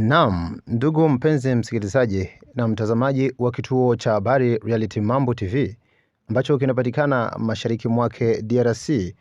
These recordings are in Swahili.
Naam, ndugu mpenzi msikilizaji na mtazamaji wa kituo cha habari Reality Mambo TV ambacho kinapatikana mashariki mwake DRC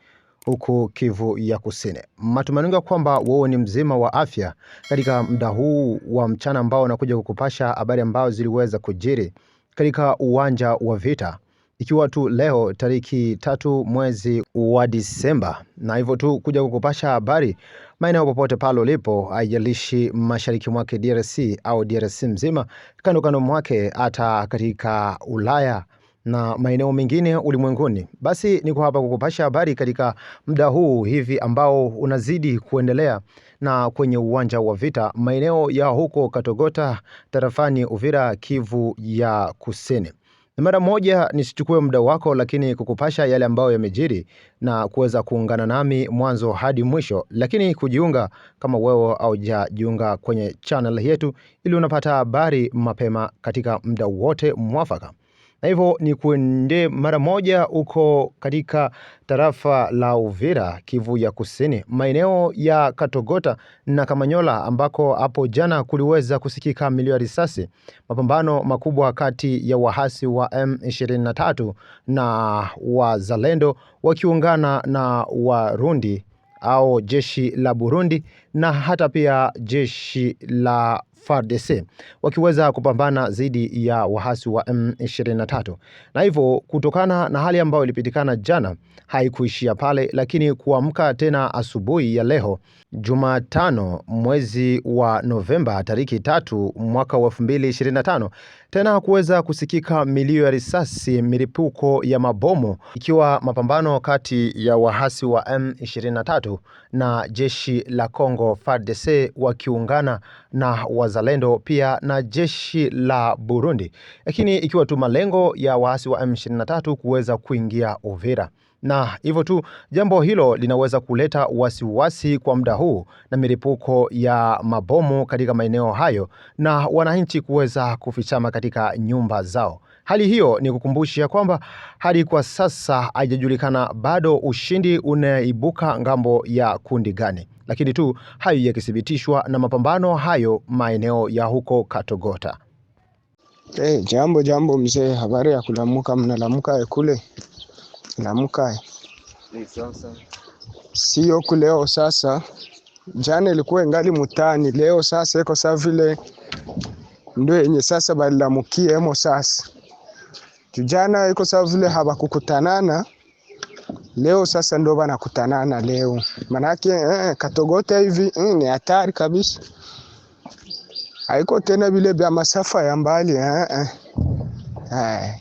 huku Kivu ya Kusini. Matumaini kwamba wewe ni mzima wa afya katika muda huu wa mchana ambao unakuja kukupasha habari ambazo ziliweza kujiri katika uwanja wa vita ikiwa tu leo tariki tatu mwezi wa Disemba, na hivyo tu kuja kukupasha habari maeneo popote pale ulipo, haijalishi mashariki mwake DRC au DRC mzima, kando kando mwake, hata katika Ulaya na maeneo mengine ulimwenguni. Basi niko hapa kukupasha habari katika muda huu hivi ambao unazidi kuendelea na kwenye uwanja wa vita maeneo ya huko Katogota tarafani Uvira, Kivu ya Kusini na mara moja nisichukue muda wako, lakini kukupasha yale ambayo yamejiri na kuweza kuungana nami mwanzo hadi mwisho. Lakini kujiunga kama wewe haujajiunga kwenye channel yetu, ili unapata habari mapema katika muda wote mwafaka na hivyo ni kuende mara moja uko katika tarafa la Uvira, Kivu ya Kusini, maeneo ya Katogota na Kamanyola, ambako hapo jana kuliweza kusikika milio ya risasi, mapambano makubwa kati ya wahasi wa M23 na wazalendo wakiungana na Warundi au jeshi la Burundi na hata pia jeshi la FARDC wakiweza kupambana dhidi ya waasi wa M23, na hivyo kutokana na hali ambayo ilipitikana jana haikuishia pale, lakini kuamka tena asubuhi ya leo Jumatano mwezi wa Novemba tariki tatu mwaka wa 2025 tena kuweza kusikika milio ya risasi, milipuko ya mabomu, ikiwa mapambano kati ya waasi wa M23 na jeshi la Kongo FARDC wakiungana na wa wazalendo pia na jeshi la Burundi, lakini ikiwa tu malengo ya waasi wa M23 kuweza kuingia Uvira na hivyo tu jambo hilo linaweza kuleta wasiwasi wasi kwa muda huu na milipuko ya mabomu katika maeneo hayo na wananchi kuweza kufichama katika nyumba zao. Hali hiyo ni kukumbushia kwamba hadi kwa sasa haijajulikana bado ushindi unaibuka ngambo ya kundi gani, lakini tu hayo yakithibitishwa na mapambano hayo maeneo ya huko Katogota. Hey, eh, jambo jambo mzee, habari ya kulamuka. Mnalamuka kule lamuka sio kuleo sasa. Jana ilikuwa ingali mutani, leo sasa iko saa vile ndio yenye sasa balilamukie emo sasa kijana iko sawa vile hawakukutanana leo, sasa ndo wanakutanana leo, manake eh, katogota hivi eh, ni hatari kabisa, haiko tena vile vya masafa ya mbali eh, eh. Eh.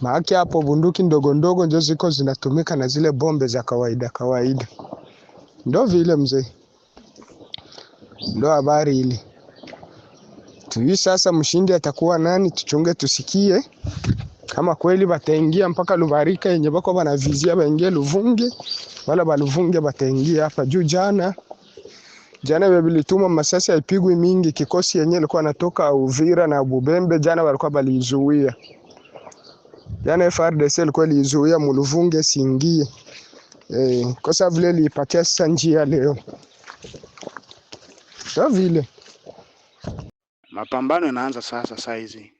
Maake hapo bunduki ndogo ndogo ndio ziko zinatumika na zile bombe za kawaida kawaida, ndo vile mzee, ndo habari ile. Tujui sasa mshindi atakuwa nani, tuchunge tusikie kama kweli bataingia mpaka Lubarika yenye bako banavizia baingie Luvunge, wala baluvunge bataingia hapa juu. Jana jana babilituma masasi haipigwi mingi, kikosi yenye ilikuwa natoka Uvira na Bubembe jana walikuwa balizuia. Jana FRDC ilikuwa ilizuia muluvunge singie e, eh, kwa sababu vile liipatia sasa njia leo, sio vile Mapambano yanaanza sasa saizi.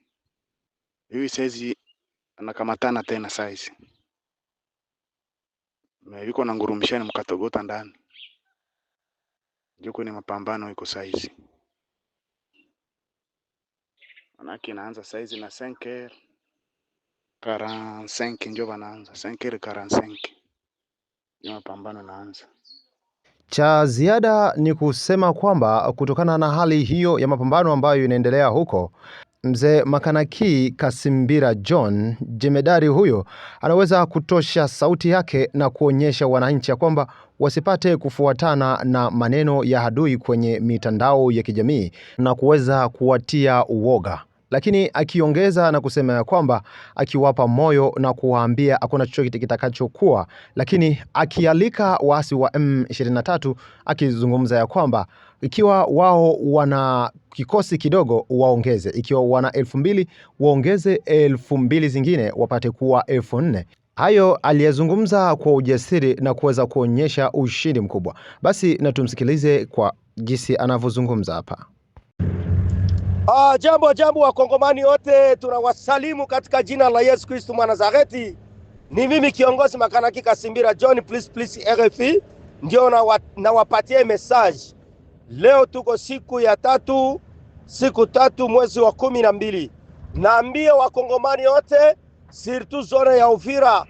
Hivi saizi anakamatana tena saizi. Na yuko na ngurumishani mkatogota ndani. Juko ni mapambano iko saizi. Manake inaanza saizi na senker h 45 ndio wanaanza senker h 45 mapambano naanza. Cha ziada ni kusema kwamba kutokana na hali hiyo ya mapambano ambayo inaendelea huko, mzee Makanaki Kasimbira John jemedari huyo anaweza kutosha sauti yake na kuonyesha wananchi ya kwamba wasipate kufuatana na maneno ya adui kwenye mitandao ya kijamii na kuweza kuwatia uoga. Lakini akiongeza na kusema ya kwamba akiwapa moyo na kuwaambia hakuna chochote kitakachokuwa, lakini akialika waasi wa M23 akizungumza ya kwamba ikiwa wao wana kikosi kidogo waongeze, ikiwa wana elfu mbili waongeze elfu mbili zingine wapate kuwa elfu nne. Hayo aliyezungumza kwa ujasiri na kuweza kuonyesha ushindi mkubwa. Basi na tumsikilize kwa jinsi anavyozungumza hapa. Ah, jambo jambo, wakongomani wote tunawasalimu katika jina la Yesu Kristo nazareti Ni mimi kiongozi Makanaki Kasimbira John, please please RFI ndio nawapatie na message leo. Tuko siku ya tatu, siku tatu mwezi wa kumi na mbili. Naambie wakongomani wote sirtu zone ya Uvira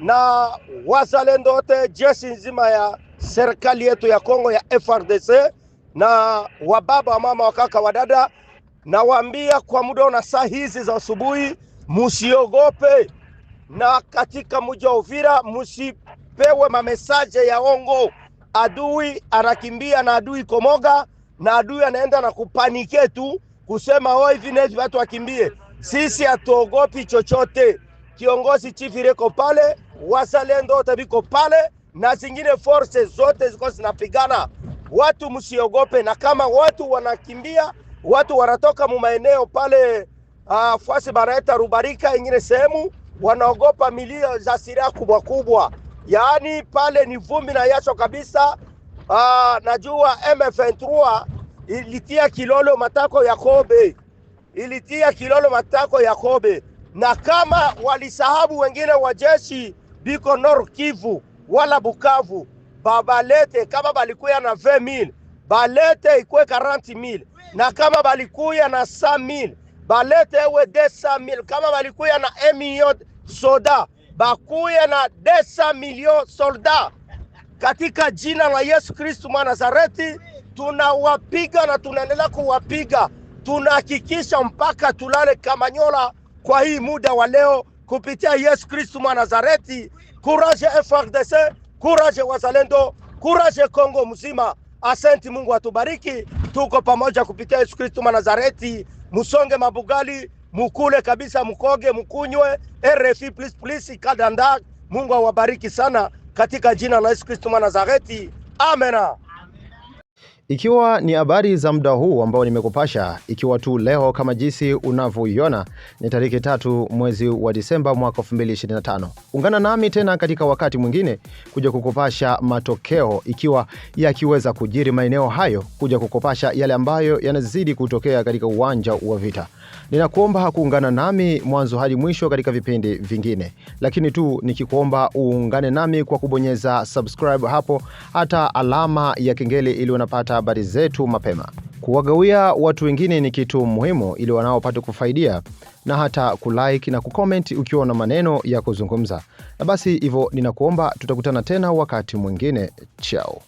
na wazalendo wote, jeshi nzima ya serikali yetu ya Kongo ya FRDC na wababa wa mama wakaka wadada Nawaambia kwa muda na saa hizi za asubuhi, msiogope na katika mji wa Uvira musipewe mamesaje ya ongo. Adui anakimbia na adui komoga, na adui anaenda na kupanike tu kusema oh, hivi na hivi, watu wakimbie. Sisi hatuogopi chochote. Kiongozi chifu reko pale, wazalendo wote viko pale, na zingine forces zote ziko zinapigana. Watu msiogope, na kama watu wanakimbia watu wanatoka mumaeneo pale uh, ah, fwasi banaeta Rubarika, ingine sehemu wanaogopa milio za siria kubwa kubwa, yaani pale ni vumbi na yacho kabisa. Uh, najua m 3 ilitia kilolo matako ya Kobe, ilitia kilolo matako ya Kobe, na kama walisahabu wengine wa jeshi biko nor Kivu wala Bukavu, babalete kama balikuya na 20000 balete ikwe 40000 na kama balikuya na 100000 balete ewe 200000 kama balikuya na 1 million soda bakuya na 200 million solda katika jina la Yesu Kristu mwa Nazareti, tunawapiga na tunaendelea kuwapiga, tunahakikisha mpaka tulale Kamanyola kwa hii muda wa leo, kupitia Yesu Kristu mwa Nazareti. Kuraje FRDC, kuraje wazalendo, kuraje Kongo mzima. Asante, Mungu atubariki, tuko pamoja kupitia Yesu Kristo nazareti Musonge mabugali, mukule kabisa, mukoge, mukunywe. RFI please please kadanda. Mungu awabariki sana katika jina la Yesu Kristo nazareti amena. Ikiwa ni habari za muda huu ambao nimekupasha, ikiwa tu leo kama jinsi unavyoiona ni tariki tatu mwezi wa Disemba mwaka 2025. Ungana nami tena katika wakati mwingine kuja kukupasha matokeo ikiwa yakiweza kujiri maeneo hayo, kuja kukupasha yale ambayo yanazidi kutokea katika uwanja wa vita. Ninakuomba hakuungana nami mwanzo hadi mwisho katika vipindi vingine, lakini tu nikikuomba uungane nami kwa kubonyeza subscribe hapo, hata alama ya kengele, ili unapata habari zetu mapema. Kuwagawia watu wengine ni kitu muhimu, ili wanaopata kufaidia na hata kulike na kucomment ukiwa na maneno ya kuzungumza. Na basi hivyo, ninakuomba tutakutana tena wakati mwingine. Chao.